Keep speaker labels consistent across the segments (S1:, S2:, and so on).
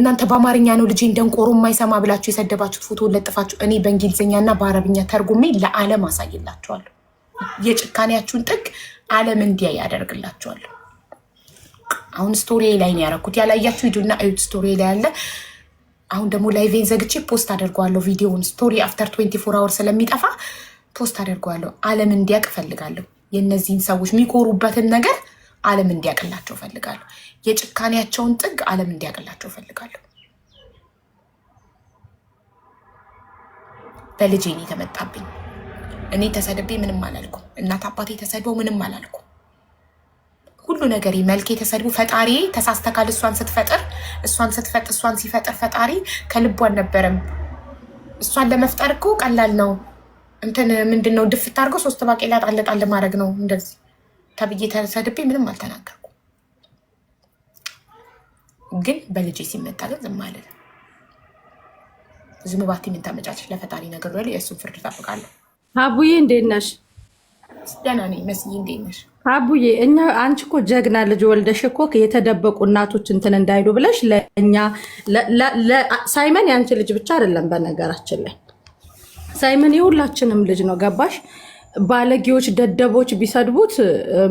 S1: እናንተ በአማርኛ ነው ልጅ ደንቆሮ የማይሰማ ብላችሁ የሰደባችሁት ፎቶ ለጥፋችሁ እኔ በእንግሊዝኛና በአረብኛ ተርጉሜ ለዓለም አሳይላችኋለሁ። የጭካኔያችሁን ጥግ ዓለም እንዲያ ያደርግላችኋለሁ። አሁን ስቶሪ ላይ ነው ያደረኩት። ያላያችሁ ሂዱና እዩት። ስቶሪ ላይ ያለ አሁን ደግሞ ላይቬን ዘግቼ ፖስት አደርገዋለሁ። ቪዲዮውን ስቶሪ አፍተር 24 አወር ስለሚጠፋ ፖስት አደርገዋለሁ። ዓለም እንዲያቅ እፈልጋለሁ የእነዚህን ሰዎች የሚኮሩበትን ነገር ዓለም እንዲያቅላቸው እፈልጋለሁ። የጭካኔያቸውን ጥግ ዓለም እንዲያቅላቸው እፈልጋለሁ። በልጄ ኔ ተመጣብኝ። እኔ ተሰድቤ ምንም አላልኩ። እናት አባቴ ተሰድበው ምንም አላልኩ። ሁሉ ነገሬ መልኬ ተሰድቦ ፈጣሪ ተሳስተካል። እሷን ስትፈጥር እሷን ስትፈጥ እሷን ሲፈጥር ፈጣሪ ከልቡ አልነበረም። እሷን ለመፍጠር እኮ ቀላል ነው። እንትን ምንድን ነው ድፍት አድርገው ሶስት ባቄላ ጣለጣል ማድረግ ነው እንደዚህ ተብዬ ተሰድቤ ምንም አልተናገርኩም። ግን በልጄ ሲመጣ ግን ዝም ማለት ዝም ለፈጣሪ ነገር ያለ የእሱን ፍርድ
S2: እጠብቃለሁ። አቡዬ እንዴት ነሽ?
S1: ደህና ነኝ። መስዬ እንዴት
S2: ነሽ? አቡዬ እኛ አንቺ እኮ ጀግና ልጅ ወልደሽ እኮ የተደበቁ እናቶች እንትን እንዳይሉ ብለሽ ለእኛ ሳይመን የአንቺ ልጅ ብቻ አይደለም። በነገራችን ላይ ሳይመን የሁላችንም ልጅ ነው። ገባሽ? ባለጌዎች ደደቦች ቢሰድቡት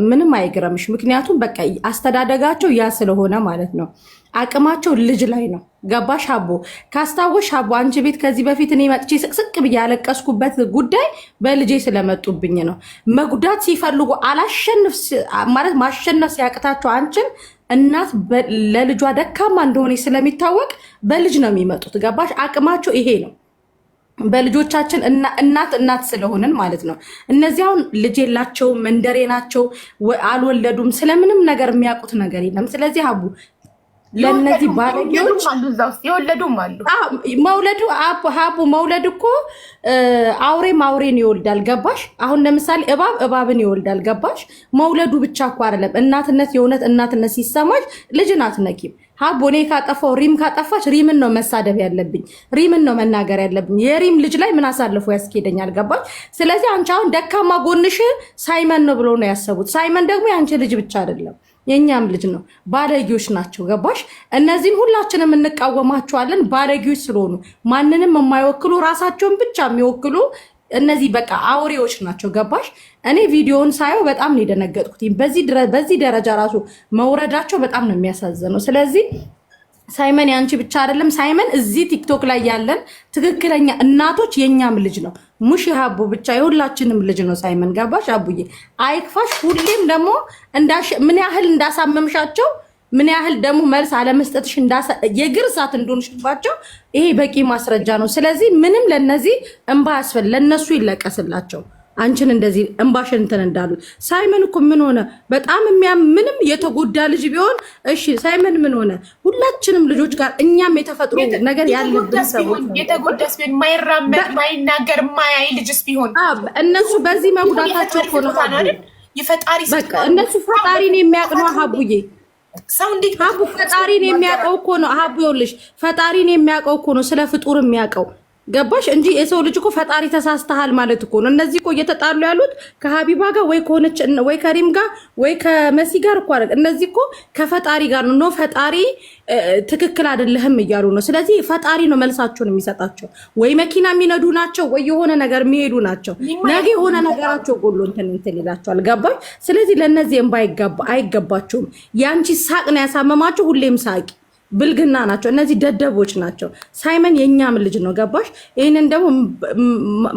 S2: ምንም አይግረምሽ። ምክንያቱም በቃ አስተዳደጋቸው ያ ስለሆነ ማለት ነው። አቅማቸው ልጅ ላይ ነው። ገባሽ ሀቦ? ካስታወሽ ሀቦ አንቺ ቤት ከዚህ በፊት እኔ መጥቼ ስቅስቅ ብዬ ያለቀስኩበት ጉዳይ በልጄ ስለመጡብኝ ነው። መጉዳት ሲፈልጉ አላሸንፍ ማለት ማሸነፍ ሲያቅታቸው አንቺን እናት ለልጇ ደካማ እንደሆነ ስለሚታወቅ በልጅ ነው የሚመጡት። ገባሽ? አቅማቸው ይሄ ነው። በልጆቻችን እናት እናት ስለሆንን ማለት ነው። እነዚህ አሁን ልጅ የላቸውም፣ መንደሬ ናቸው፣ አልወለዱም፣ ስለምንም ነገር የሚያውቁት ነገር የለም። ስለዚህ አቡ
S1: ለእነዚህ ባለጌዎች የወለዱም
S2: አሉ። መውለዱ ሀቡ መውለድ እኮ አውሬ አውሬን ይወልዳል። ገባሽ? አሁን ለምሳሌ እባብ እባብን ይወልዳል። ገባሽ? መውለዱ ብቻ እኮ አይደለም። እናትነት የእውነት እናትነት ሲሰማሽ ልጅናት ናት ሀ ካጠፋው ሪም ካጠፋች ሪምን ነው መሳደብ ያለብኝ፣ ሪምን ነው መናገር ያለብኝ። የሪም ልጅ ላይ ምን አሳልፎ ያስኬደኝ አልገባች። ስለዚህ አንቺ አሁን ደካማ ጎንሽ ሳይመን ነው ብሎ ነው ያሰቡት። ሳይመን ደግሞ የአንቺ ልጅ ብቻ አይደለም የእኛም ልጅ ነው። ባለጌዎች ናቸው ገባሽ? እነዚህን ሁላችንም እንቃወማቸዋለን፣ ባለጌዎች ስለሆኑ ማንንም የማይወክሉ ራሳቸውን ብቻ የሚወክሉ እነዚህ በቃ አውሬዎች ናቸው። ገባሽ? እኔ ቪዲዮውን ሳየው በጣም ነው የደነገጥኩት። በዚህ ደረጃ ራሱ መውረዳቸው በጣም ነው የሚያሳዝነው። ስለዚህ ሳይመን ያንቺ ብቻ አይደለም። ሳይመን እዚህ ቲክቶክ ላይ ያለን ትክክለኛ እናቶች የእኛም ልጅ ነው። ሙሽ ሀቡ ብቻ የሁላችንም ልጅ ነው። ሳይመን ገባሽ? አቡዬ አይክፋሽ። ሁሌም ደግሞ ምን ያህል እንዳሳመምሻቸው ምን ያህል ደግሞ መልስ አለመስጠትሽ የግር እሳት እንደሆንሽባቸው ይሄ በቂ ማስረጃ ነው። ስለዚህ ምንም ለነዚህ እንባ ያስፈል ለነሱ ይለቀስላቸው። አንቺን እንደዚህ እንባሽን እንትን እንዳሉ ሳይመን እኮ ምን ሆነ? በጣም የሚያም ምንም የተጎዳ ልጅ ቢሆን እሺ፣ ሳይመን ምን ሆነ? ሁላችንም ልጆች ጋር እኛም የተፈጥሮ ነገር
S1: ያለብን የተጎዳስ ቢሆን ማይራመድ፣ ማይናገር፣ ማያይ
S2: ልጅስ ቢሆን እነሱ በዚህ
S1: መጉዳታቸው እኮ ነው። የፈጣሪ
S2: እነሱ ፈጣሪን የሚያቅነው ሀቡዬ ሰው እንዴት ፈጣሪን የሚያውቀው እኮ ነው። ሀቡ ይኸውልሽ፣ ፈጣሪን የሚያውቀው እኮ ነው ስለ ፍጡር የሚያውቀው ገባሽ እንጂ የሰው ልጅ እኮ ፈጣሪ ተሳስተሃል ማለት እኮ ነው። እነዚህ እኮ እየተጣሉ ያሉት ከሀቢባ ጋር ወይ ከሆነች ወይ ከሪም ጋር ወይ ከመሲ ጋር እኮ አለ። እነዚህ እኮ ከፈጣሪ ጋር ነው። ኖ ፈጣሪ ትክክል አይደለህም እያሉ ነው። ስለዚህ ፈጣሪ ነው መልሳቸውን የሚሰጣቸው። ወይ መኪና የሚነዱ ናቸው፣ ወይ የሆነ ነገር የሚሄዱ ናቸው። ነገ የሆነ ነገራቸው ጎሎ እንትን እንትን ይላቸዋል። ገባሽ? ስለዚህ ለእነዚህ እንባ አይገባችሁም። ያንቺ ሳቅ ነው ያሳመማቸው። ሁሌም ሳቂ ብልግና ናቸው። እነዚህ ደደቦች ናቸው። ሳይመን የእኛም ልጅ ነው። ገባሽ? ይህንን ደግሞ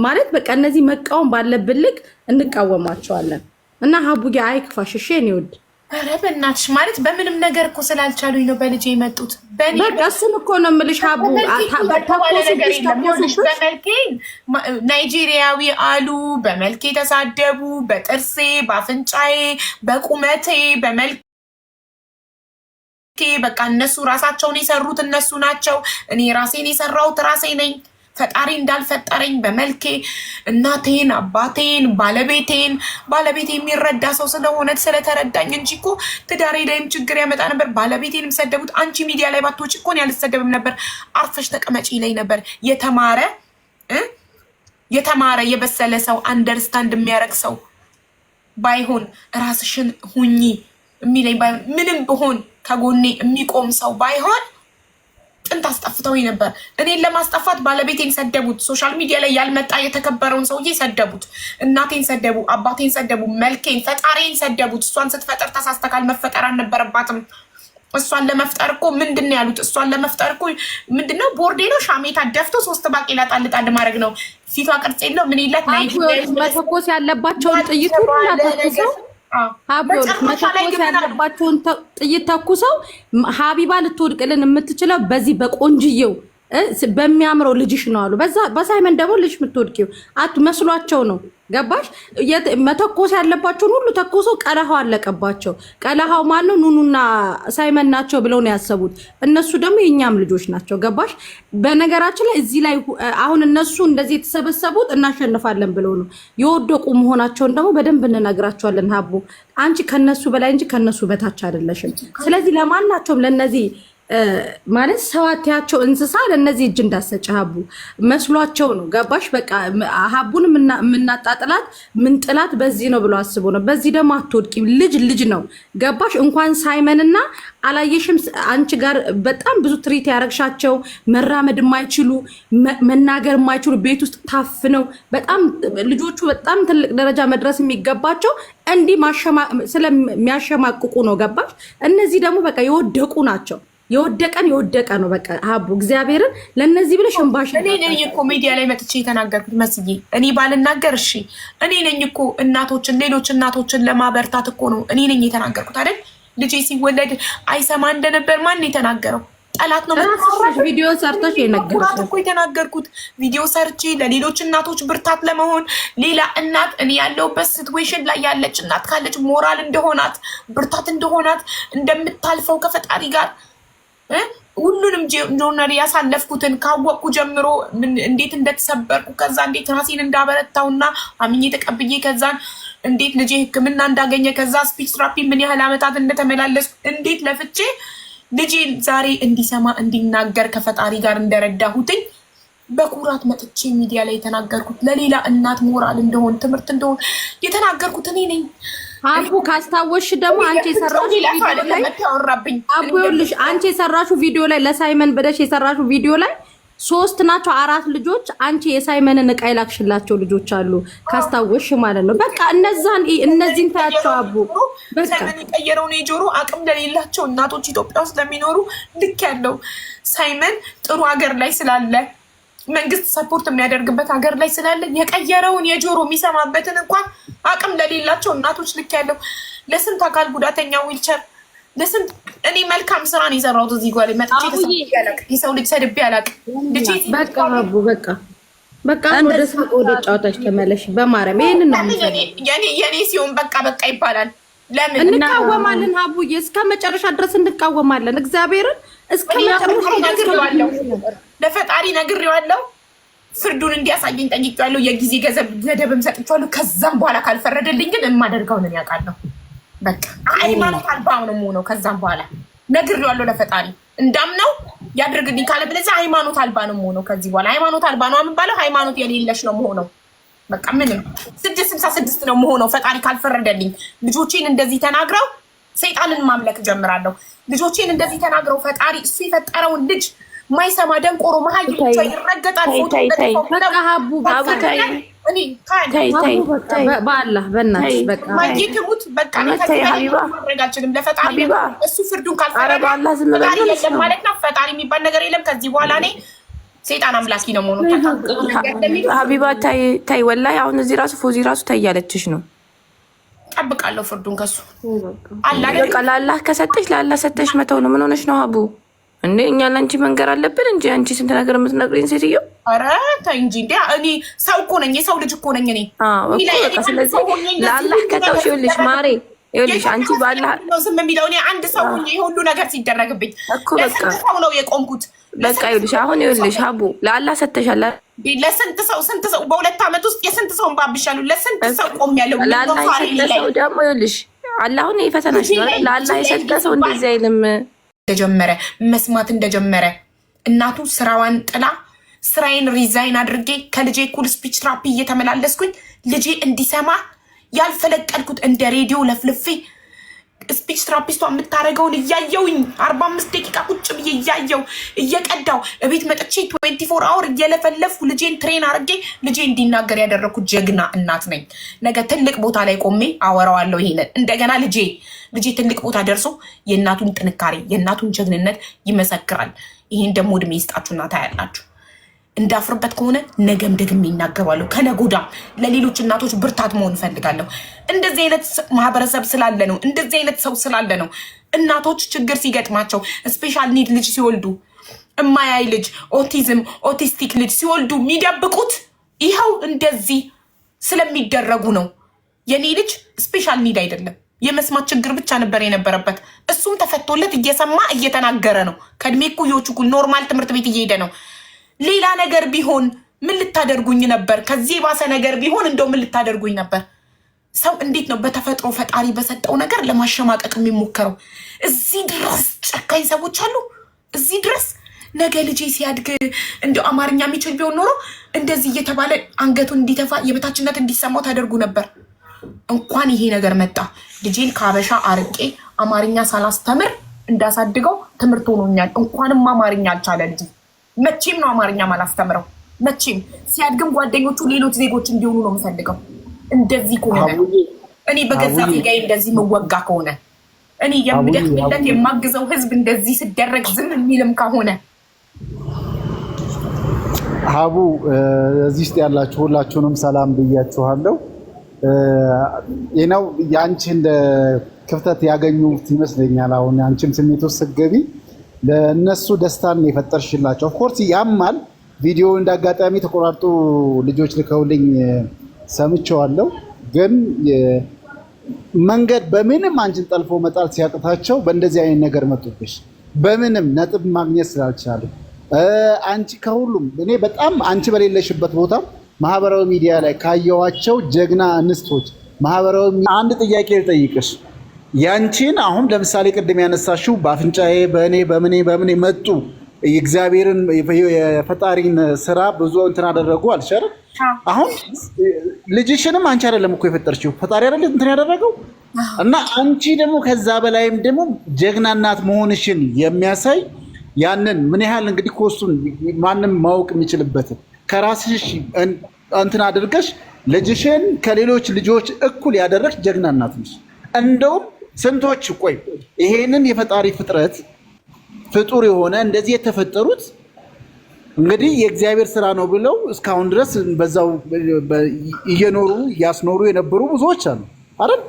S2: ማለት በቃ እነዚህ መቃወም ባለብን ልክ እንቃወማቸዋለን። እና ሀቡጌ አይክፋሽ፣ እሺ የእኔ
S1: ውድ። ኧረ በእናትሽ ማለት በምንም ነገር እኮ ስላልቻሉኝ ነው በልጅ የመጡት።
S2: በቃ እሱን እኮ ነው የምልሽ ሀቡ።
S1: በመልኬ ናይጄሪያዊ አሉ፣ በመልኬ ተሳደቡ፣ በጥርሴ፣ በአፍንጫዬ፣ በቁመቴ፣ በመልክ ኦኬ በቃ እነሱ ራሳቸውን የሰሩት እነሱ ናቸው። እኔ ራሴን የሰራሁት ራሴ ነኝ። ፈጣሪ እንዳልፈጠረኝ በመልኬ እናቴን፣ አባቴን፣ ባለቤቴን ባለቤቴ የሚረዳ ሰው ስለሆነ ስለተረዳኝ እንጂ እኮ ትዳሬ ላይም ችግር ያመጣ ነበር። ባለቤቴን የሚሰደቡት አንቺ ሚዲያ ላይ ባትወጪ እኮ ያልሰደብም ነበር። አርፈሽ ተቀመጪ ላይ ነበር የተማረ የተማረ የበሰለ ሰው አንደርስታንድ የሚያደርግ ሰው ባይሆን ራስሽን ሁኚ የሚለኝ ምንም ብሆን ከጎኔ የሚቆም ሰው ባይሆን ጥንት አስጠፍተው ነበር። እኔን ለማስጠፋት ባለቤቴን ሰደቡት። ሶሻል ሚዲያ ላይ ያልመጣ የተከበረውን ሰውዬ ሰደቡት። እናቴን ሰደቡ፣ አባቴን ሰደቡ፣ መልኬን፣ ፈጣሬን ሰደቡት። እሷን ስትፈጠር ተሳስተካል፣ መፈጠር አልነበረባትም። እሷን ለመፍጠር እኮ ምንድን ነው ያሉት? እሷን ለመፍጠር እኮ ምንድን ነው ቦርዴ ነው ሻሜታ ደፍቶ ሶስት ባቄላ ጣል ጣል ማድረግ ነው። ፊቷ ቅርጽ የለው ምን
S2: የላት መተኮስ ያለባቸውን ጥይት ሁሉ መተኮስ ያለባቸውን ጥይት ተኩሰው ሀቢባ ልትወድቅልን የምትችለው በዚህ በቆንጅየው በሚያምረው ልጅሽ ነው አሉ። በሳይመን ደግሞ ልጅ የምትወድቂው አት መስሏቸው ነው። ገባሽ? መተኮስ ያለባቸውን ሁሉ ተኮሶ ቀለሃው አለቀባቸው። ቀለሃው ነው? ኑኑና ሳይመን ናቸው ብለው ነው ያሰቡት። እነሱ ደግሞ የእኛም ልጆች ናቸው። ገባሽ? በነገራችን ላይ እዚህ ላይ አሁን እነሱ እንደዚህ የተሰበሰቡት እናሸንፋለን ብለው ነው። የወደቁ መሆናቸውን ደግሞ በደንብ እንነግራቸዋለን። ሀቦ አንቺ ከነሱ በላይ እንጂ ከነሱ በታች አይደለሽም። ስለዚህ ለማናቸውም ለነዚህ ማለት ሰው አትያቸው እንስሳ ለእነዚህ እጅ እንዳሰጭ ሀቡ መስሏቸው ነው። ገባሽ? በቃ ሀቡን የምናጣጥላት ምንጥላት በዚህ ነው ብሎ አስቦ ነው። በዚህ ደግሞ አትወድቂም። ልጅ ልጅ ነው። ገባሽ? እንኳን ሳይመንና አላየሽም። አንቺ ጋር በጣም ብዙ ትሪት ያረግሻቸው መራመድ የማይችሉ መናገር የማይችሉ ቤት ውስጥ ታፍነው በጣም ልጆቹ በጣም ትልቅ ደረጃ መድረስ የሚገባቸው እንዲህ ስለሚያሸማቅቁ ነው። ገባሽ? እነዚህ ደግሞ በቃ የወደቁ ናቸው። የወደቀን የወደቀ ነው። በቃ ሀቡ እግዚአብሔርን ለእነዚህ ብለሽ እንባሽ
S1: እኔ ነኝ እኮ ሚዲያ ላይ መጥቼ የተናገርኩት መስዬ እኔ ባልናገር እሺ፣ እኔ ነኝ እኮ እናቶችን ሌሎች እናቶችን ለማበርታት እኮ ነው እኔ ነኝ የተናገርኩት አይደል? ልጄ ሲወለድ አይሰማ እንደነበር ማን የተናገረው? ጠላት ነው። ቪዲዮ ሰርተሽ የነገርኩት እኮ የተናገርኩት ቪዲዮ ሰርቼ ለሌሎች እናቶች ብርታት ለመሆን ሌላ እናት እኔ ያለውበት ሲትዌሽን ላይ ያለች እናት ካለች ሞራል እንደሆናት ብርታት እንደሆናት እንደምታልፈው ከፈጣሪ ጋር ሁሉንም ጆነር ያሳለፍኩትን ካወቅኩ ጀምሮ እንዴት እንደተሰበርኩ ከዛ እንዴት ራሴን እንዳበረታውና አምኜ ተቀብዬ ከዛን እንዴት ልጄ ሕክምና እንዳገኘ ከዛ ስፒች ትራፒ ምን ያህል አመታት እንደተመላለስኩ እንዴት ለፍቼ ልጄ ዛሬ እንዲሰማ እንዲናገር ከፈጣሪ ጋር እንደረዳሁትኝ በኩራት መጥቼ ሚዲያ ላይ የተናገርኩት ለሌላ እናት ሞራል እንደሆን ትምህርት እንደሆን የተናገርኩት እኔ ነኝ። አቡ ካስታወሽ ደግሞ አንቺ የሰራሽው ቪዲዮ ላይ አቡ ይኸውልሽ፣ አንቺ የሰራሽው ቪዲዮ ላይ ለሳይመን ብለሽ የሰራሽው ቪዲዮ ላይ ሶስት ናቸው አራት ልጆች አንቺ የሳይመንን እቃ ይላክሽላቸው ልጆች አሉ፣ ካስታወሽ ማለት ነው። በቃ እነዛን እነዚህን ታያቸው አቡ። በቃ ነው የጆሮ አቅም ለሌላቸው እናቶች ኢትዮጵያ ውስጥ ለሚኖሩ ልክ ያለው ሳይመን ጥሩ ሀገር ላይ ስላለ መንግስት ሰፖርት የሚያደርግበት ሀገር ላይ ስላለን የቀየረውን የጆሮ የሚሰማበትን እንኳን አቅም ለሌላቸው እናቶች ልክ ያለው ለስንት አካል ጉዳተኛ ዊልቸር ለስንት እኔ መልካም ስራ ነው የሰራሁት እዚህ ጓ ላይ የሰው ልጅ ሰድቤ አላውቅም። በቃ በቃ ወደ ሳቅ ወደ ጨዋታች ተመለሽ። በማርያም ይህንን ነው የኔ ሲሆን በቃ በቃ ይባላል። ለምን እንቃወማለን? ሀቡዬ እስከ መጨረሻ ድረስ እንቃወማለን እግዚአብሔርን ለፈጣሪ ነግሬዋለሁ። ፍርዱን እንዲያሳየኝ ጠይቄዋለሁ። የጊዜ ገደብም ሰጥቼዋለሁ። ከዛም በኋላ ካልፈረደልኝ ግን የማደርገውን ያውቃለሁ። በቃ ሃይማኖት አልባ ነው የምሆነው። ከዛም በኋላ ነግሬዋለሁ ለፈጣሪ እንዳምነው ያድርግልኝ ካለ ብለ ሃይማኖት አልባ ነው የምሆነው። ከዚህ በኋላ ሃይማኖት አልባ ነው የምባለው። ሃይማኖት የሌለሽ ነው የምሆነው። በቃ ምንም ስድስት ስልሳ ስድስት ነው የምሆነው ፈጣሪ ካልፈረደልኝ ልጆቼን እንደዚህ ተናግረው ሰይጣንን ማምለክ ጀምራለሁ። ልጆቼን እንደዚህ ተናግረው ፈጣሪ እሱ የፈጠረውን ልጅ ማይሰማ ደንቆሮ መሀይ ይረገጣል። በአላህ በእናትሽ ትሙት ለፈጣሪ እሱ ፍርዱን ካልፈረደ ፈጣሪ የለም ማለት ነው። ፈጣሪ የሚባል ነገር የለም። ከዚህ በኋላ እኔ ሴጣን አምላኪ ነው መሆኑ ሀቢባ ታይ ወላሂ አሁን እዚህ ራሱ ፎዚ ራሱ ታያለችሽ ነው ጠብቃለሁ ፍርዱን ከሱ ለአላህ ከሰጠሽ ለአላህ ሰጠሽ መተው ነው። ምን ሆነሽ ነው አቡ እንዴ? እኛ ለአንቺ መንገር አለብን እንጂ አንቺ ስንት ነገር የምትነግሪኝ ሴትዮ። ኧረ ተይ እንጂ እንዴ! እኔ ሰው እኮ ነኝ፣ የሰው ልጅ እኮ ነኝ እኔ። ስለዚህ ለአላህ ከተውሽ ይኸውልሽ ማሬ ይኸውልሽ አንቺ ባላ ስም የሚለው እኔ አንድ ሰው ሁሉ ነገር ሲደረግብኝ እኮ በቃ ነው የቆምኩት። በቃ ይኸውልሽ አሁን ይኸውልሽ ሀቡ ለአላህ ሰተሻል ለስንት ሰው ስንት ሰው በሁለት ዓመት ውስጥ የስንት ሰውን ባብሻሉ ለስንት ሰው ቆም ያለው ደግሞ ይልሽ አላሁን የፈተናሽ ለአላ ለአላህ የሰጠ ሰው እንደዚህ አይልም። እንደጀመረ መስማት እንደጀመረ እናቱ ስራዋን ጥላ ስራዬን ሪዛይን አድርጌ ከልጄ ኩል ስፒች ትራፒ እየተመላለስኩኝ ልጄ እንዲሰማ ያልፈለቀልኩት እንደ ሬዲዮ ለፍልፌ ስፒች ትራፒስቷ የምታደርገውን እያየውኝ አርባ አምስት ደቂቃ ቁጭ ብዬ እያየው እየቀዳው እቤት መጥቼ ትዌንቲ ፎር አወር እየለፈለፉ ልጄን ትሬን አድርጌ ልጄ እንዲናገር ያደረግኩት ጀግና እናት ነኝ። ነገ ትልቅ ቦታ ላይ ቆሜ አወራዋለሁ ይሄንን። እንደገና ልጄ ልጄ ትልቅ ቦታ ደርሶ የእናቱን ጥንካሬ የእናቱን ጀግንነት ይመሰክራል። ይህን ደግሞ እድሜ ይስጣችሁና ታያላችሁ። እንዳፍርበት ከሆነ ነገም ደግሜ ይናገራለሁ። ከነጎዳም ለሌሎች እናቶች ብርታት መሆን እፈልጋለሁ። እንደዚህ አይነት ማህበረሰብ ስላለ ነው፣ እንደዚህ አይነት ሰው ስላለ ነው። እናቶች ችግር ሲገጥማቸው ስፔሻል ኒድ ልጅ ሲወልዱ፣ እማያይ ልጅ፣ ኦቲዝም ኦቲስቲክ ልጅ ሲወልዱ የሚደብቁት ይኸው እንደዚህ ስለሚደረጉ ነው። የኔ ልጅ ስፔሻል ኒድ አይደለም፣ የመስማት ችግር ብቻ ነበር የነበረበት። እሱም ተፈቶለት እየሰማ እየተናገረ ነው። ከእድሜ እኩዮቹ ኖርማል ትምህርት ቤት እየሄደ ነው። ሌላ ነገር ቢሆን ምን ልታደርጉኝ ነበር? ከዚህ የባሰ ነገር ቢሆን እንደው ምን ልታደርጉኝ ነበር? ሰው እንዴት ነው በተፈጥሮ ፈጣሪ በሰጠው ነገር ለማሸማቀቅ የሚሞከረው? እዚህ ድረስ ጨካኝ ሰዎች አሉ። እዚህ ድረስ ነገ ልጄ ሲያድግ እንደው አማርኛ የሚችል ቢሆን ኖሮ እንደዚህ እየተባለ አንገቱን እንዲተፋ የበታችነት እንዲሰማው ታደርጉ ነበር። እንኳን ይሄ ነገር መጣ። ልጄን ከአበሻ አርቄ አማርኛ ሳላስተምር እንዳሳድገው ትምህርት ሆኖኛል። እንኳንም አማርኛ አልቻለ ልጄ መቼም ነው አማርኛ ማላስተምረው። መቼም ሲያድግም ጓደኞቹ ሌሎች ዜጎች እንዲሆኑ ነው የምፈልገው። እንደዚህ ከሆነ እኔ በገዛ ዜጋዬ እንደዚህ መወጋ ከሆነ እኔ የምደክምለት የማግዘው ህዝብ እንደዚህ ስደረግ ዝም የሚልም ከሆነ ሀቡ እዚህ ውስጥ ያላችሁ ሁላችሁንም ሰላም ብያችኋለሁ። ይነው የአንቺ እንደ ክፍተት ያገኙት ይመስለኛል። አሁን አንቺም ስሜት ውስጥ ስትገቢ ለእነሱ ደስታን የፈጠርሽላቸው። ኦፍኮርስ ያማል። ቪዲዮ እንዳጋጣሚ ተቆራርጡ ልጆች ልከውልኝ ሰምቸዋለው ግን መንገድ በምንም አንቺን ጠልፎ መጣል ሲያቅታቸው በእንደዚህ አይነት ነገር መጡብሽ። በምንም ነጥብ ማግኘት ስላልቻሉ አንቺ ከሁሉም እኔ በጣም አንቺ በሌለሽበት ቦታ ማህበራዊ ሚዲያ ላይ ካየዋቸው ጀግና እንስቶች ማህበራዊ አንድ ጥያቄ ልጠይቅሽ ያንቺን አሁን ለምሳሌ ቅድም ያነሳሽው በአፍንጫዬ በእኔ በምኔ በምኔ መጡ እግዚአብሔርን የፈጣሪን ስራ ብዙ እንትን አደረጉ አልሸር አሁን ልጅሽንም አንቺ አይደለም እኮ የፈጠርችው ፈጣሪ አይደለ እንትን ያደረገው እና አንቺ ደግሞ ከዛ በላይም ደግሞ ጀግና እናት መሆንሽን የሚያሳይ ያንን ምን ያህል እንግዲህ ኮሱን ማንም ማወቅ የሚችልበትን ከራስሽ እንትን አድርገሽ ልጅሽን ከሌሎች ልጆች እኩል ያደረግሽ ጀግና እናት ነሽ። እንደውም ስንቶች ቆይ ይሄንን የፈጣሪ ፍጥረት ፍጡር የሆነ እንደዚህ የተፈጠሩት እንግዲህ የእግዚአብሔር ስራ ነው ብለው እስካሁን ድረስ በዛው እየኖሩ እያስኖሩ የነበሩ ብዙዎች አሉ አይደል?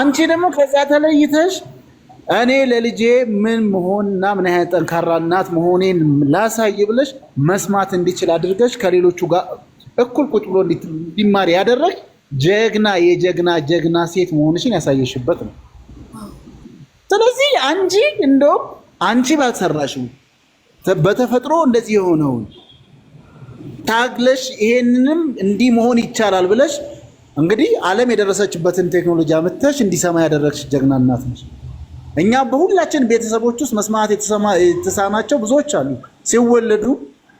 S1: አንቺ ደግሞ ከዛ ተለይተሽ እኔ ለልጄ ምን መሆንና ምን አይነት ጠንካራ እናት መሆኔን ላሳይ ብለሽ መስማት እንዲችል አድርገሽ ከሌሎቹ ጋር እኩል ቁጭ ብሎ እንዲማር ያደረግ ጀግና የጀግና ጀግና ሴት መሆንሽን ያሳየሽበት ነው። ስለዚህ አንቺ እንደውም አንቺ ባልሰራሽው በተፈጥሮ እንደዚህ የሆነውን ታግለሽ ይሄንንም እንዲህ መሆን ይቻላል ብለሽ እንግዲህ ዓለም የደረሰችበትን ቴክኖሎጂ አምጥተሽ እንዲሰማ ያደረግሽ ጀግና እናት ነሽ። እኛ በሁላችን ቤተሰቦች ውስጥ መስማት የተሳናቸው ብዙዎች አሉ፣ ሲወለዱ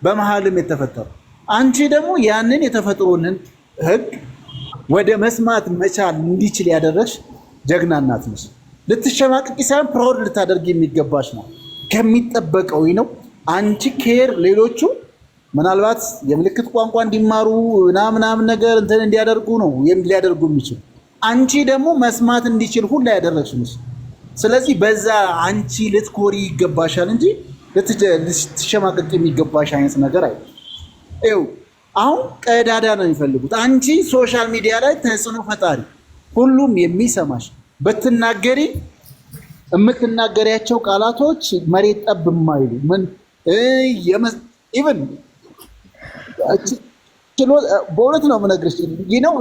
S1: በመሀልም የተፈጠሩ። አንቺ ደግሞ ያንን የተፈጥሮንን ህግ ወደ መስማት መቻል እንዲችል ያደረግሽ ጀግና እናት ነሽ። ልትሸማቅቂ ሳይሆን ፕራውድ ልታደርግ የሚገባሽ ነው። ከሚጠበቀው ነው አንቺ ኬር ሌሎቹ ምናልባት የምልክት ቋንቋ እንዲማሩ ምናምናም ነገር እንትን እንዲያደርጉ ነው ሊያደርጉ የሚችል አንቺ ደግሞ መስማት እንዲችል ሁላ ያደረግሽ ነሽ። ስለዚህ በዛ አንቺ ልትኮሪ ይገባሻል እንጂ ልትሸማቀቅ የሚገባሽ አይነት ነገር አይ ው አሁን ቀዳዳ ነው የሚፈልጉት። አንቺ ሶሻል ሚዲያ ላይ ተጽዕኖ ፈጣሪ ሁሉም የሚሰማሽ ብትናገሪ የምትናገሪያቸው ቃላቶች መሬት ጠብ የማይሉ ምን በእውነት ነው የምነግርሽ። ይህ ነው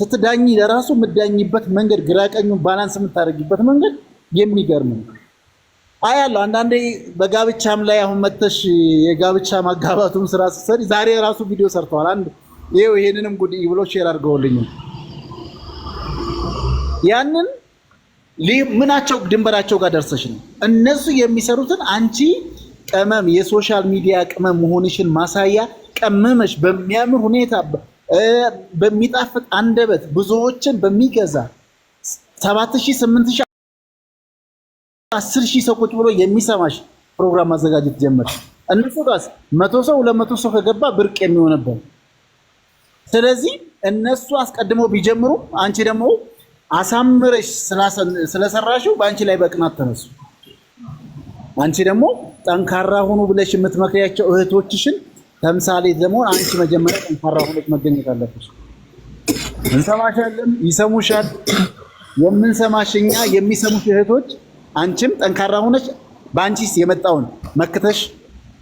S1: ስትዳኝ ለራሱ የምዳኝበት መንገድ፣ ግራቀኙን ባላንስ የምታደርጊበት መንገድ የሚገርም ነው። አያለሁ አንዳንዴ በጋብቻም ላይ አሁን መተሽ የጋብቻ ማጋባቱም ስራ ስትሰሪ ዛሬ ራሱ ቪዲዮ ሰርተዋል። አንድ ይኸው ይሄንንም ጉድ ብሎ ሼር አድርገውልኛል። ያንን ምናቸው ድንበራቸው ጋር ደርሰሽ ነው እነሱ የሚሰሩትን አንቺ ቅመም የሶሻል ሚዲያ ቅመም መሆንሽን ማሳያ ቀመመሽ በሚያምር ሁኔታ በሚጣፍጥ አንደበት ብዙዎችን በሚገዛ ሰባት ሺህ ስምንት ሺህ አስር ሺህ ሰው ቁጭ ብሎ የሚሰማሽ ፕሮግራም ማዘጋጀት ጀመርሽ። እነሱ ጋርስ መቶ ሰው ሁለት መቶ ሰው ከገባ ብርቅ የሚሆንበት ስለዚህ እነሱ አስቀድመው ቢጀምሩ አንቺ ደግሞ አሳምረሽ ስለሰራሽው በአንቺ ላይ በቅናት ተነሱ። አንቺ ደግሞ ጠንካራ ሁኑ ብለሽ የምትመክሪያቸው እህቶችሽን ተምሳሌ ደግሞ አንቺ መጀመሪያ ጠንካራ ሆነች መገኘት አለብሽ። እንሰማሻለን፣ ይሰሙሻል። የምንሰማሽ እኛ የሚሰሙሽ እህቶች፣ አንቺም ጠንካራ ሆነች በአንቺስ የመጣውን መክተሽ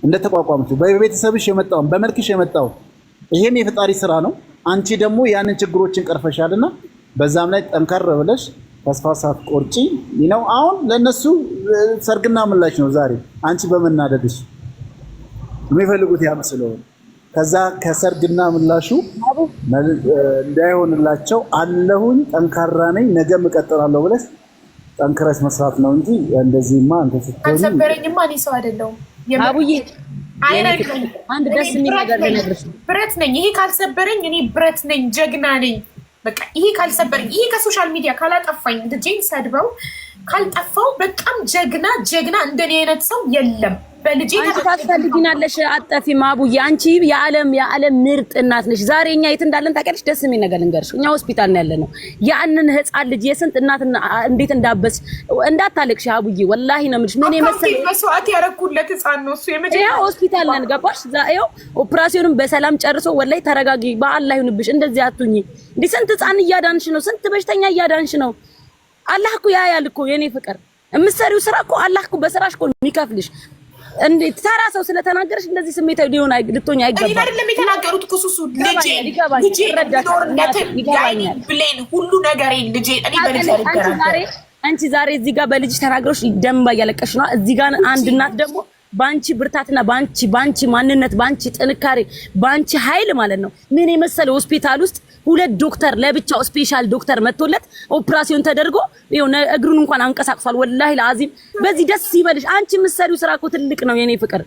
S1: እንደተቋቋመች በቤተሰብሽ የመጣውን በመልክሽ የመጣውን ይሄም የፈጣሪ ስራ ነው። አንቺ ደግሞ ያንን ችግሮችን ቀርፈሻልና በዛም ላይ ጠንከር ብለሽ ተስፋ ሳትቆርጪ ነው። አሁን ለእነሱ ሰርግና ምላሽ ነው ዛሬ አንቺ በመናደድሽ የሚፈልጉት ያ ስለሆነ ከዛ ከሰርግና ምላሹ እንዳይሆንላቸው አለሁኝ፣ ጠንካራ ነኝ፣ ነገ እቀጥላለሁ ብለሽ ጠንክረሽ መስራት ነው እንጂ እንደዚህማ አንተ ስትሆን አልሰበረኝማ። እኔ ሰው አይደለሁም አቡዬ። አንድ ደስ የሚል ነገር ብረት ነኝ። ይሄ ካልሰበረኝ እኔ ብረት ነኝ፣ ጀግና ነኝ በቃ ይሄ ካልሰበረኝ ይሄ ከሶሻል ሚዲያ ካላጠፋኝ ልጄን ሰድበው ካልጠፋው በጣም ጀግና ጀግና እንደኔ አይነት ሰው የለም። በልጄ ታስፈልጊናለሽ፣ አጠፊም አቡዬ፣ አንቺ የዓለም የዓለም ምርጥ እናት ነሽ። ዛሬ እኛ የት እንዳለን ታውቂያለሽ? ደስ የሚል ነገር ልንገርሽ፣ እኛ ሆስፒታል ነው ያለነው። ያንን ህፃን ልጅ የስንት እናት እንዴት እንዳበስ እንዳታለቅሽ አቡዬ፣ ወላሂ ነው የምልሽ። ምን የመሰለ መስዋዕት ያደረኩለት ህፃን ነው እሱ። የመጀመሪያ ሆስፒታል ነን፣ ገባሽ? ዛሬው ኦፕራሲዮንም በሰላም ጨርሶ፣ ወላሂ ተረጋጊ፣ በአላህ ይሁንብሽ። እንደዚህ አትሁኚ። እንዲህ ስንት ህፃን እያዳንሽ ነው፣ ስንት በሽተኛ እያዳንሽ ነው። አላህ እኮ ያያል እኮ የኔ ፍቅር የምትሰሪው ስራ እኮ አላህ እኮ በስራሽ እኮ የሚከፍልሽ። እንዴት ተራ ሰው ስለተናገረሽ እንደዚህ ስሜታዊ ሊሆን ልትሆኝ አይገባም። እኔ አይደለም የተናገሩት እኮ ሱሱ ልጄ ልጄ ይገባኛል ብሌን ሁሉ ነገር ልጄ እኔ በልጄ ልጄ አንቺ ዛሬ እዚህ ጋር በልጅ ተናግረሽ ደምባ እያለቀሽ ነው። እዚህ ጋር አንድ እናት ደግሞ በአንቺ ብርታትና በአንቺ በአንቺ ማንነት በአንቺ ጥንካሬ በአንቺ ኃይል ማለት ነው ምን የመሰለ ሆስፒታል ውስጥ ሁለት ዶክተር ለብቻው ስፔሻል ዶክተር መጥቶለት ኦፕራሲዮን ተደርጎ እግሩን እንኳን አንቀሳቅሷል። ወላሂ ለአዚም በዚህ ደስ ይበልሽ። አንቺ የምትሰሪው ስራ እኮ ትልቅ ነው የኔ ፍቅር።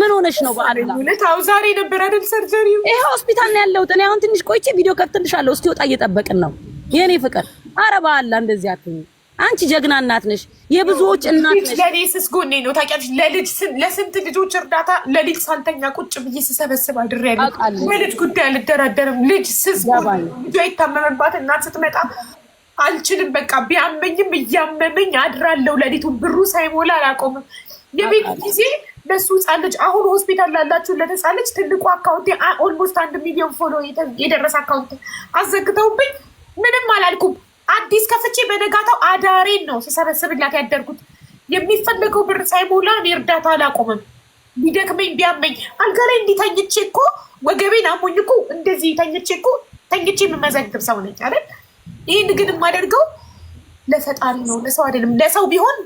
S1: ምን ሆነሽ ነው? በአላሁ ዛሬ ነበር አይደል ሰርጀሪው? ይሄ ሆስፒታል ነው ያለሁት እኔ። አሁን ትንሽ ቆይቼ ቪዲዮ ከፍትልሻለሁ። ወጣ እየጠበቅን ነው የኔ ፍቅር። አረ በአላህ እንደዚህ አትሁኝ። አንቺ ጀግና እናት ነሽ፣ የብዙዎች እናት ነሽ። ለኔ ስስ ጎኔ ነው ታውቂያለሽ። ለልጅ ለስንት ልጆች እርዳታ ለልጅ ሳልተኛ ቁጭ ብዬ ስሰበስብ አድሬያለሁ። በልጅ ጉዳይ አልደራደርም። ልጅ ስስ ልጇ የታመመባት እናት ስትመጣ አልችልም፣ በቃ ቢያመኝም እያመመኝ አድራለሁ። ለሊቱን ብሩ ሳይሞላ አላቆምም። የቤት ጊዜ ለሱ ህፃን ልጅ አሁን ሆስፒታል ላላችሁ ለህፃን ልጅ ትልቁ አካውንት ኦልሞስት አንድ ሚሊዮን ፎሎ የደረሰ አካውንት አዘግተውብኝ ምንም አላልኩም። አዲስ ከፍቼ በነጋታው አዳሬን ነው ስሰበስብላት ያደርጉት። የሚፈለገው ብር ሳይሞላ እኔ እርዳታ አላቆምም። ቢደክመኝ ቢያመኝ አልጋ ላይ እኮ ወገቤን አሞኝ እኮ እንደዚህ ተኝቼ እኮ ተኝቼ የምመዘግብ ሰው ነኝ አይደል? ይህን ግን የማደርገው ለፈጣሪ ነው፣ ለሰው አይደለም። ለሰው ቢሆን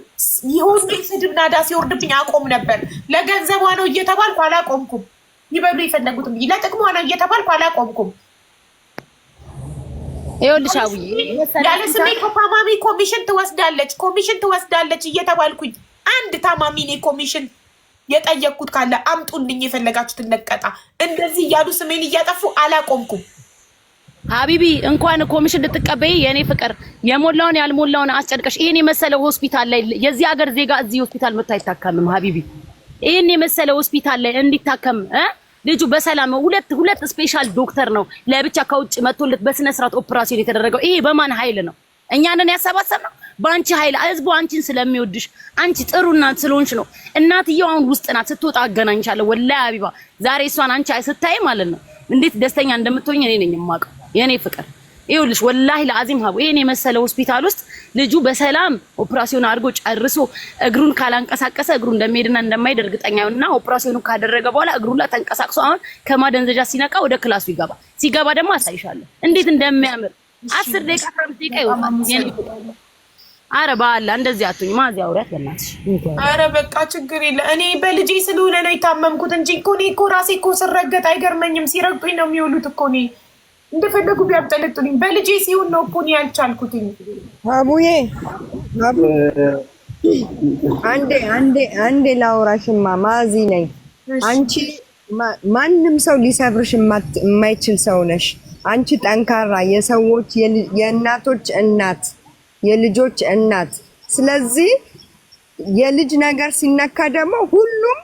S1: ይሆን ስድብ ናዳ ሲወርድብኝ አቆም ነበር። ለገንዘቧ ነው እየተባልኩ አላቆምኩም። ይበሉ የፈለጉትም ለጥቅሟ ነው እየተባልኩ አላቆምኩም። ይኸውልሽ አውዬ ያለ ስሜ ከታማሚ ኮሚሽን ትወስዳለች ኮሚሽን ትወስዳለች እየተባልኩኝ አንድ ታማሚ እኔ ኮሚሽን የጠየቅኩት ካለ አምጡልኝ። የፈለጋችሁትን ነቀጣ እንደዚህ እያሉ ስሜን እያጠፉ አላቆምኩም። ሀቢቢ እንኳን ኮሚሽን ልትቀበይ የእኔ ፍቅር የሞላውን ያልሞላውን አስጨንቀሽ ይህን የመሰለ ሆስፒታል ላይ የዚህ ሀገር ዜጋ እዚህ ሆስፒታል መጥቶ አይታከምም። ሀቢቢ ይህን የመሰለ ሆስፒታል ላይ እንዲታከም ልጁ በሰላም ሁለት ሁለት ስፔሻል ዶክተር ነው ለብቻ ከውጭ መጥቶለት በስነ ስርዓት ኦፕራሲዮን የተደረገው። ይሄ በማን ኃይል ነው? እኛንን ያሰባሰብ ነው በአንቺ ኃይል። ህዝቡ አንቺን ስለሚወድሽ አንቺ ጥሩ እናት ስለሆንሽ ነው። እናትየው አሁን ውስጥ ናት። ስትወጣ አገናኝሻለሁ። ወላሂ አቢባ ዛሬ እሷን አንቺ ስታይ ማለት ነው እንዴት ደስተኛ እንደምትሆኝ እኔ ነኝ የማውቀው የእኔ ፍቅር ይኸውልሽ ወላሂ ለአዚም ሀቡ ይሄን የመሰለ ሆስፒታል ውስጥ ልጁ በሰላም ኦፕራሲዮን አድርጎ ጨርሶ እግሩን ካላንቀሳቀሰ እግሩ እንደሚሄድና እንደማይሄድ እርግጠኛ ይሁንና ኦፕራሲዮኑ ካደረገ በኋላ እግሩ ላይ ተንቀሳቅሶ አሁን ከማደንዘዣ ሲነቃ ወደ ክላሱ ይገባል። ሲገባ ደግሞ አሳይሻለሁ እንዴት እንደሚያምር አስር ደቂቃ አስራ አምስት ደቂቃ ይወጣል። አረ ባላ እንደዚህ አትሁኝ። ማዚያ አውሪያት በእናትሽ። አረ በቃ ችግር የለ። እኔ በልጄ ስለሆነ ነው የታመምኩት እንጂ እኮ እኔ እኮ ራሴ እኮ ስረገጥ አይገርመኝም። ሲረግጡኝ ነው የሚውሉት እኮ እኔ እንደፈለጉ ቢያብጠለጡልኝ በልጄ ሲሆን ነው እኮ እኔ ያልቻልኩትኝ። አቡዬ አንዴ አንዴ አንዴ ላውራሽማ ማዚ ነኝ። አንቺ ማንም ሰው ሊሰብርሽ የማይችል ሰው ነሽ። አንቺ ጠንካራ የሰዎች የእናቶች እናት የልጆች እናት። ስለዚህ የልጅ ነገር ሲነካ ደግሞ ሁሉም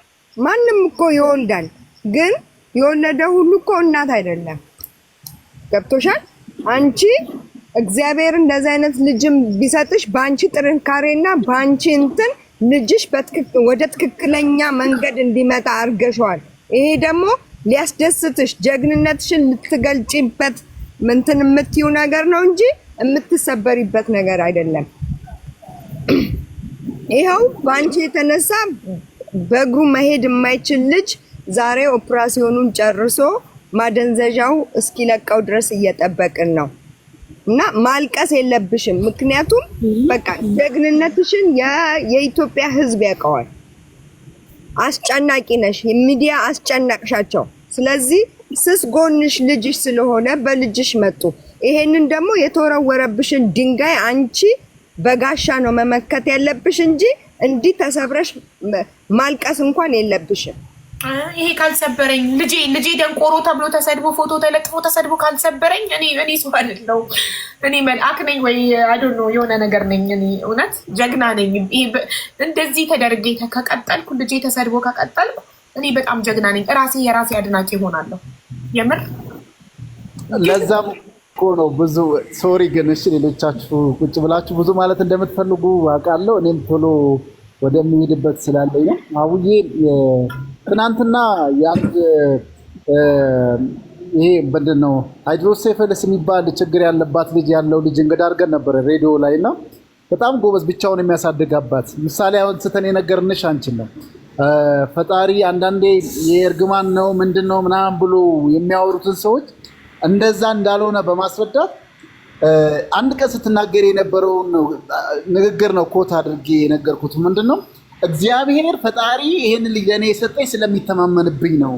S1: ማንም እኮ ይወልዳል፣ ግን የወለደ ሁሉ እኮ እናት አይደለም። ገብቶሻል። አንቺ እግዚአብሔር እንደዚህ አይነት ልጅም ቢሰጥሽ በአንቺ ጥንካሬና በአንቺ እንትን ልጅሽ ወደ ትክክለኛ መንገድ እንዲመጣ አድርገሸዋል። ይሄ ደግሞ ሊያስደስትሽ ጀግንነትሽን ልትገልጪበት ምንትን የምትዩ ነገር ነው እንጂ የምትሰበሪበት ነገር አይደለም። ይኸው በአንቺ የተነሳ በእግሩ መሄድ የማይችል ልጅ ዛሬ ኦፕራሲዮኑን ጨርሶ ማደንዘዣው እስኪለቀው ድረስ እየጠበቅን ነው እና ማልቀስ የለብሽም። ምክንያቱም በቃ ደግንነትሽን የኢትዮጵያ ሕዝብ ያውቀዋል። አስጨናቂ ነሽ፣ ሚዲያ አስጨናቅሻቸው። ስለዚህ ስስ ጎንሽ ልጅሽ ስለሆነ በልጅሽ መጡ። ይሄንን ደግሞ የተወረወረብሽን ድንጋይ አንቺ በጋሻ ነው መመከት ያለብሽ እንጂ እንዲህ ተሰብረሽ ማልቀስ እንኳን የለብሽም። ይሄ ካልሰበረኝ ልጄ ልጄ ደንቆሮ ተብሎ ተሰድቦ ፎቶ ተለጥፎ ተሰድቦ ካልሰበረኝ እኔ እኔ ሰው አይደለው እኔ መልአክ ነኝ ወይ አዶ ነው የሆነ ነገር ነኝ። እኔ እውነት ጀግና ነኝ። እንደዚህ ተደርጌ ከቀጠልኩ ልጄ ተሰድቦ ከቀጠልኩ እኔ በጣም ጀግና ነኝ። ራሴ የራሴ አድናቂ ይሆናለሁ። የምር ለዛም እኮ ነው ብዙ ሶሪ ግን እሺ፣ ሌሎቻችሁ ቁጭ ብላችሁ ብዙ ማለት እንደምትፈልጉ አውቃለሁ። እኔም ቶሎ ወደሚሄድበት ስላለኝ ነው ትናንትና የአንድ ይሄ ምንድን ነው ሃይድሮሴፈለስ የሚባል ችግር ያለባት ልጅ ያለው ልጅ እንግዳ አድርገን ሬዲዮ ላይ እና በጣም ጎበዝ ብቻውን የሚያሳድግ አባት ምሳሌ አሁን ስተን የነገርንሽ አንቺን ነው። ፈጣሪ አንዳንዴ የእርግማን ነው ምንድን ነው ምናምን ብሎ የሚያወሩትን ሰዎች እንደዛ እንዳልሆነ በማስረዳት አንድ ቀን ስትናገር የነበረውን ንግግር ነው ኮት አድርጌ የነገርኩት ምንድን ነው እግዚአብሔር ፈጣሪ ይህን ልጅ ለእኔ የሰጠኝ ስለሚተማመንብኝ ነው